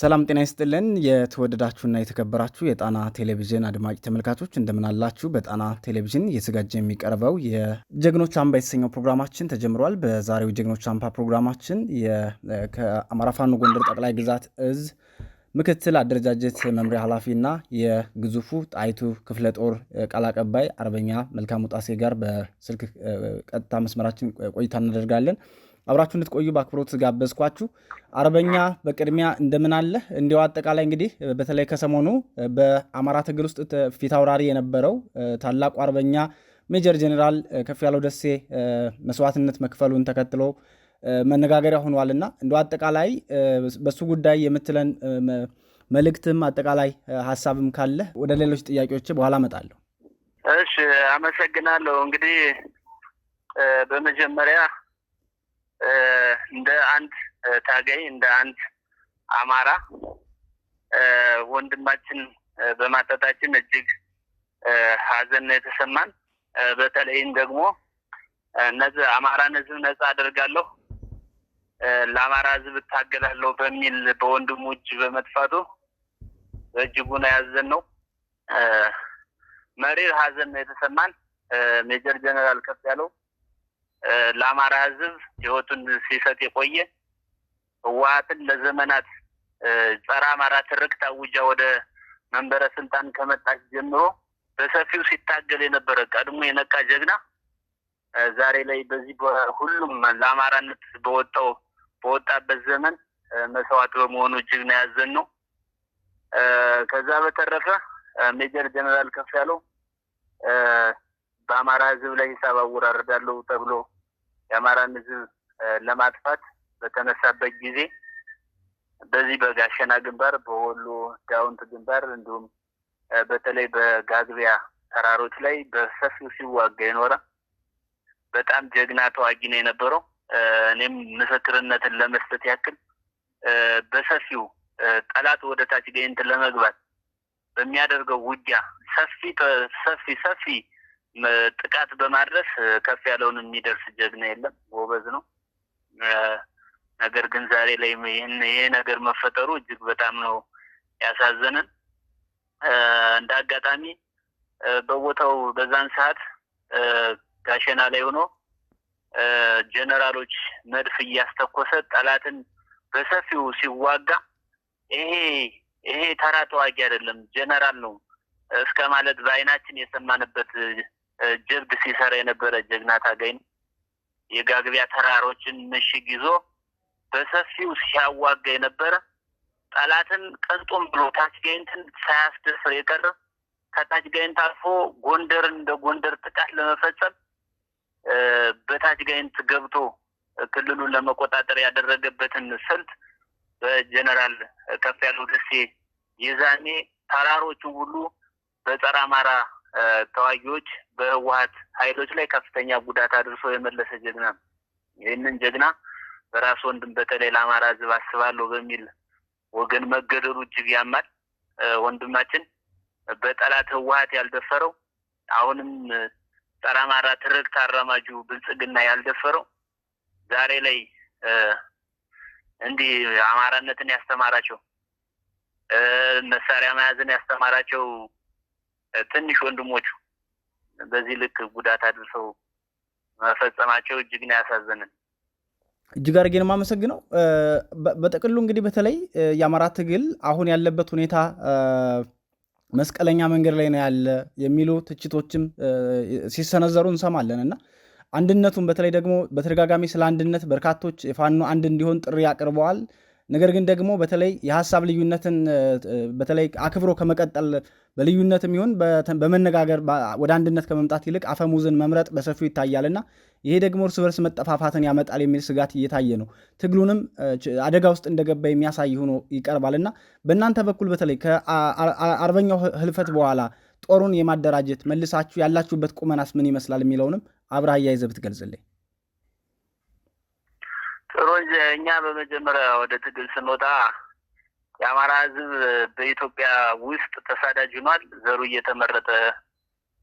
ሰላም ጤና ይስጥልን። የተወደዳችሁና የተከበራችሁ የጣና ቴሌቪዥን አድማጭ ተመልካቾች እንደምናላችሁ። በጣና ቴሌቪዥን እየተዘጋጀ የሚቀርበው የጀግኖች አምባ የተሰኘው ፕሮግራማችን ተጀምሯል። በዛሬው ጀግኖች አምባ ፕሮግራማችን ከአማራ ፋኖ ጎንደር ጠቅላይ ግዛት እዝ ምክትል አደረጃጀት መምሪያ ኃላፊና የግዙፉ ጣይቱ ክፍለ ጦር ቃል አቀባይ አርበኛ መልካሙ ጣሴ ጋር በስልክ ቀጥታ መስመራችን ቆይታ እናደርጋለን። አብራችሁ እንድትቆዩ በአክብሮት ጋበዝኳችሁ። አርበኛ በቅድሚያ እንደምን አለ እንዲያው አጠቃላይ እንግዲህ በተለይ ከሰሞኑ በአማራ ትግል ውስጥ ፊት አውራሪ የነበረው ታላቁ አርበኛ ሜጀር ጀኔራል ከፍያለው ደሴ መስዋዕትነት መክፈሉን ተከትሎ መነጋገሪያ እና እንዲያው አጠቃላይ በሱ ጉዳይ የምትለን መልእክትም አጠቃላይ ሀሳብም ካለ ወደ ሌሎች ጥያቄዎች በኋላ እመጣለሁ። እሺ፣ አመሰግናለሁ። እንግዲህ በመጀመሪያ እንደ አንድ ታጋይ እንደ አንድ አማራ ወንድማችን በማጣታችን እጅግ ሀዘን ነው የተሰማን። በተለይም ደግሞ ነዚህ አማራን ህዝብ ነጻ አደርጋለሁ ለአማራ ህዝብ እታገላለሁ በሚል በወንድሙ እጅ በመጥፋቱ በእጅጉን ያዘን ነው። መሪር ሀዘን ነው የተሰማን። ሜጀር ጀነራል ከፍ ያለው ለአማራ ህዝብ ህይወቱን ሲሰጥ የቆየ ህወሀትን ለዘመናት ጸረ አማራ ትርክት አውጃ ወደ መንበረ ስልጣን ከመጣች ጀምሮ በሰፊው ሲታገል የነበረ ቀድሞ የነቃ ጀግና ዛሬ ላይ በዚህ ሁሉም ለአማራነት በወጣው በወጣበት ዘመን መስዋዕት በመሆኑ እጅግ ነው ያዘን ነው። ከዛ በተረፈ ሜጀር ጀነራል ከፍ ያለው በአማራ ህዝብ ላይ ሂሳብ አወራርዳለሁ ተብሎ የአማራን ህዝብ ለማጥፋት በተነሳበት ጊዜ በዚህ በጋሸና ግንባር፣ በወሎ ዳውንት ግንባር እንዲሁም በተለይ በጋግቢያ ተራሮች ላይ በሰፊው ሲዋጋ የኖረ በጣም ጀግና ተዋጊ ነው የነበረው። እኔም ምስክርነትን ለመስጠት ያክል በሰፊው ጠላት ወደ ታች ገይንት ለመግባት በሚያደርገው ውጊያ ሰፊ ሰፊ ሰፊ ጥቃት በማድረስ ከፍ ያለውን የሚደርስ ጀግና የለም። ጎበዝ ነው። ነገር ግን ዛሬ ላይ ይህ ነገር መፈጠሩ እጅግ በጣም ነው ያሳዘነን እንደ አጋጣሚ በቦታው በዛን ሰዓት ጋሸና ላይ ሆኖ ጀነራሎች መድፍ እያስተኮሰ ጠላትን በሰፊው ሲዋጋ ይሄ ይሄ ተራ ተዋጊ አይደለም፣ ጀነራል ነው እስከ ማለት በአይናችን የሰማንበት ጀብድ ሲሰራ የነበረ ጀግና ታገኝ የጋግቢያ ተራሮችን ምሽግ ይዞ በሰፊው ሲያዋጋ የነበረ ጠላትን ቀንጦም ብሎ ታች ጋይንትን ሳያስደፍር የቀረ ከታች ጋይንት አልፎ ጎንደርን እንደ ጎንደር ጥቃት ለመፈጸም በታች ጋይንት ገብቶ ክልሉን ለመቆጣጠር ያደረገበትን ስልት በጀነራል ከፍ ያለው ደሴ የዛኔ ተራሮቹ ሁሉ በጸረ አማራ ተዋጊዎች በህወሀት ኃይሎች ላይ ከፍተኛ ጉዳት አድርሶ የመለሰ ጀግና ነው። ይህንን ጀግና በራስ ወንድም በተለይ ለአማራ ህዝብ አስባለሁ በሚል ወገን መገደሉ እጅግ ያማል። ወንድማችን በጠላት ህወሀት ያልደፈረው አሁንም ጸረ አማራ ትርክት አራማጁ ብልጽግና ያልደፈረው ዛሬ ላይ እንዲህ አማራነትን ያስተማራቸው መሳሪያ መያዝን ያስተማራቸው ትንሽ ወንድሞቹ በዚህ ልክ ጉዳት አድርሰው መፈጸማቸው እጅግ ነው ያሳዘንን። እጅግ አድርጌ ነው የማመሰግነው። በጥቅሉ እንግዲህ በተለይ የአማራ ትግል አሁን ያለበት ሁኔታ መስቀለኛ መንገድ ላይ ነው ያለ የሚሉ ትችቶችም ሲሰነዘሩ እንሰማለን እና አንድነቱን በተለይ ደግሞ በተደጋጋሚ ስለ አንድነት በርካቶች የፋኖ አንድ እንዲሆን ጥሪ አቅርበዋል። ነገር ግን ደግሞ በተለይ የሀሳብ ልዩነትን በተለይ አክብሮ ከመቀጠል በልዩነትም ይሁን በመነጋገር ወደ አንድነት ከመምጣት ይልቅ አፈሙዝን መምረጥ በሰፊው ይታያልና ይሄ ደግሞ እርስ በርስ መጠፋፋትን ያመጣል የሚል ስጋት እየታየ ነው። ትግሉንም አደጋ ውስጥ እንደገባ የሚያሳይ ሆኖ ይቀርባልና በእናንተ በኩል በተለይ ከአርበኛው ህልፈት በኋላ ጦሩን የማደራጀት መልሳችሁ ያላችሁበት ቁመናስ ምን ይመስላል የሚለውንም አብረህ አያይዘህ ብትገልጽልኝ ሮዝ እኛ በመጀመሪያ ወደ ትግል ስንወጣ የአማራ ህዝብ በኢትዮጵያ ውስጥ ተሳዳጅ ሆኗል። ዘሩ እየተመረጠ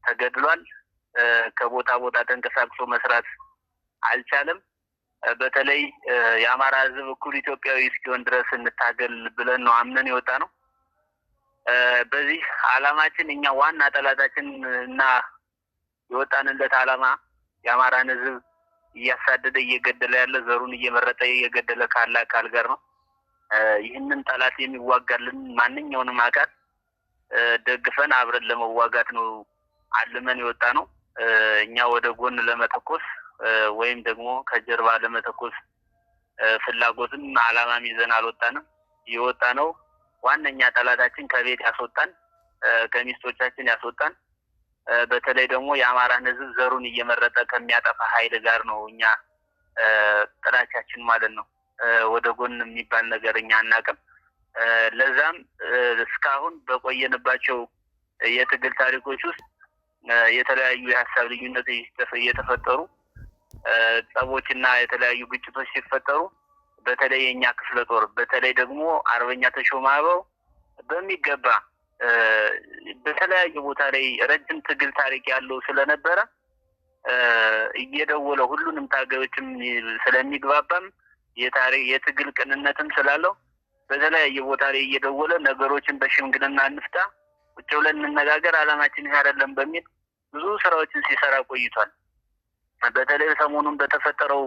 ተገድሏል። ከቦታ ቦታ ተንቀሳቅሶ መስራት አልቻለም። በተለይ የአማራ ህዝብ እኩል ኢትዮጵያዊ እስኪሆን ድረስ እንታገል ብለን ነው አምነን የወጣ ነው። በዚህ አላማችን እኛ ዋና ጠላታችን እና የወጣንለት አላማ የአማራን ህዝብ እያሳደደ እየገደለ ያለ ዘሩን እየመረጠ እየገደለ ካለ አካል ጋር ነው። ይህንን ጠላት የሚዋጋልን ማንኛውንም አካል ደግፈን አብረን ለመዋጋት ነው አልመን የወጣ ነው። እኛ ወደ ጎን ለመተኮስ ወይም ደግሞ ከጀርባ ለመተኮስ ፍላጎትም አላማም ይዘን አልወጣንም። የወጣ ነው ዋነኛ ጠላታችን ከቤት ያስወጣን፣ ከሚስቶቻችን ያስወጣን በተለይ ደግሞ የአማራን ህዝብ ዘሩን እየመረጠ ከሚያጠፋ ሀይል ጋር ነው እኛ ጥላቻችን ማለት ነው። ወደ ጎን የሚባል ነገር እኛ አናቅም። ለዛም እስካሁን በቆየንባቸው የትግል ታሪኮች ውስጥ የተለያዩ የሀሳብ ልዩነቶች እየተፈጠሩ ጸቦችና የተለያዩ ግጭቶች ሲፈጠሩ በተለይ የእኛ ክፍለ ጦር በተለይ ደግሞ አርበኛ ተሾማበው በሚገባ በተለያየ ቦታ ላይ ረጅም ትግል ታሪክ ያለው ስለነበረ እየደወለ ሁሉንም ታጋዮችም ስለሚግባባም የትግል ቅንነትም ስላለው በተለያየ ቦታ ላይ እየደወለ ነገሮችን በሽምግልና እንፍታ፣ ቁጭ ብለን እንነጋገር፣ አላማችን ይህ አይደለም በሚል ብዙ ስራዎችን ሲሰራ ቆይቷል። በተለይ ሰሞኑን በተፈጠረው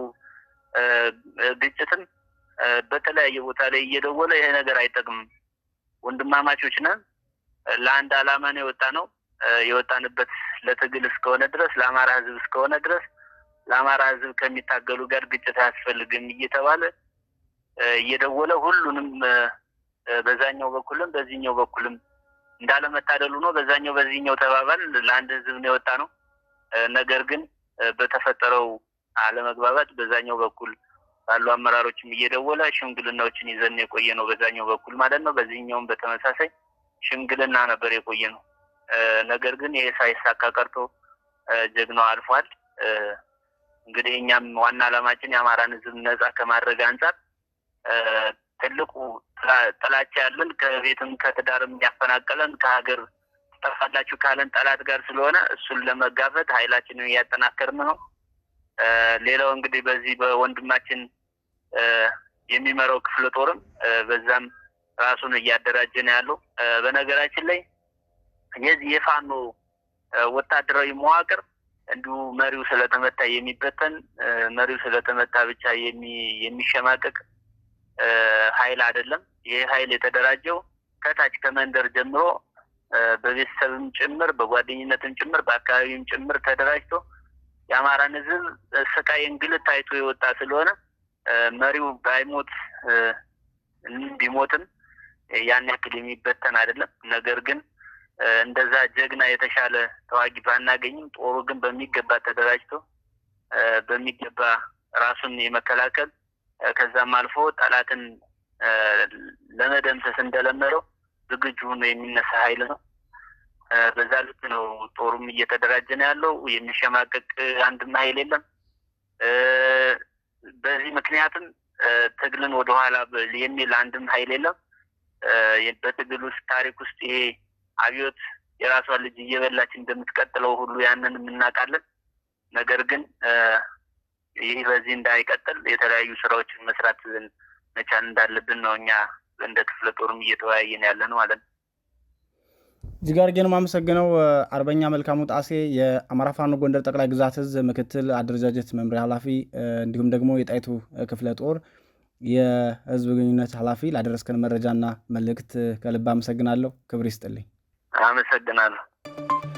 ግጭትም በተለያየ ቦታ ላይ እየደወለ ይሄ ነገር አይጠቅምም፣ ወንድማማቾች ነን ለአንድ አላማ ነው የወጣ ነው። የወጣንበት ለትግል እስከሆነ ድረስ ለአማራ ህዝብ እስከሆነ ድረስ ለአማራ ህዝብ ከሚታገሉ ጋር ግጭት አያስፈልግም እየተባለ እየደወለ ሁሉንም በዛኛው በኩልም በዚህኛው በኩልም እንዳለመታደሉ ነው። በዛኛው በዚህኛው ተባባል ለአንድ ህዝብ ነው የወጣ ነው። ነገር ግን በተፈጠረው አለመግባባት በዛኛው በኩል ባሉ አመራሮችም እየደወለ ሽምግልናዎችን ይዘን የቆየ ነው። በዛኛው በኩል ማለት ነው። በዚህኛውም በተመሳሳይ ሽምግልና ነበር የቆየ ነው። ነገር ግን ይሄ ሳይሳካ ቀርቶ ጀግናው አልፏል። እንግዲህ እኛም ዋና ዓላማችን የአማራን ሕዝብ ነጻ ከማድረግ አንጻር ትልቁ ጥላቻ ያለን ከቤትም ከትዳርም ያፈናቀለን ከሀገር ትጠፋላችሁ ካለን ጠላት ጋር ስለሆነ እሱን ለመጋፈጥ ኃይላችንን እያጠናከርን ነው። ሌላው እንግዲህ በዚህ በወንድማችን የሚመራው ክፍለ ጦርም በዛም ራሱን እያደራጀ ነው ያለው። በነገራችን ላይ የዚህ የፋኖ ወታደራዊ መዋቅር እንዲሁ መሪው ስለተመታ የሚበተን መሪው ስለተመታ ብቻ የሚሸማቀቅ ኃይል አይደለም። ይህ ኃይል የተደራጀው ከታች ከመንደር ጀምሮ በቤተሰብም ጭምር በጓደኝነትም ጭምር በአካባቢም ጭምር ተደራጅቶ የአማራን ሕዝብ ስቃይ እንግልት ታይቶ የወጣ ስለሆነ መሪው ባይሞት ቢሞትም ያን ያክል የሚበተን አይደለም። ነገር ግን እንደዛ ጀግና የተሻለ ተዋጊ ባናገኝም ጦሩ ግን በሚገባ ተደራጅቶ በሚገባ ራሱን የመከላከል ከዛም አልፎ ጠላትን ለመደምሰስ እንደለመደው ዝግጁ ሆኖ የሚነሳ ኃይል ነው። በዛ ልክ ነው ጦሩም እየተደራጀ ነው ያለው። የሚሸማቀቅ አንድም ኃይል የለም። በዚህ ምክንያትም ትግልን ወደኋላ የሚል አንድም ኃይል የለም። በትግል ውስጥ ታሪክ ውስጥ ይሄ አብዮት የራሷን ልጅ እየበላች እንደምትቀጥለው ሁሉ ያንን የምናውቃለን። ነገር ግን ይህ በዚህ እንዳይቀጥል የተለያዩ ስራዎችን መስራት መቻል እንዳለብን ነው እኛ እንደ ክፍለ ጦርም እየተወያየን ያለን ማለት ነው። እዚህ ጋር ግን ማመሰግነው አርበኛ መልካሙ ጣሴ የአማራ ፋኖ ጎንደር ጠቅላይ ግዛት እዝ ምክትል አደረጃጀት መምሪያ ኃላፊ እንዲሁም ደግሞ የጣይቱ ክፍለ ጦር የህዝብ ግንኙነት ኃላፊ፣ ላደረስከን መረጃና መልእክት ከልብ አመሰግናለሁ። ክብር ይስጥልኝ። አመሰግናለሁ።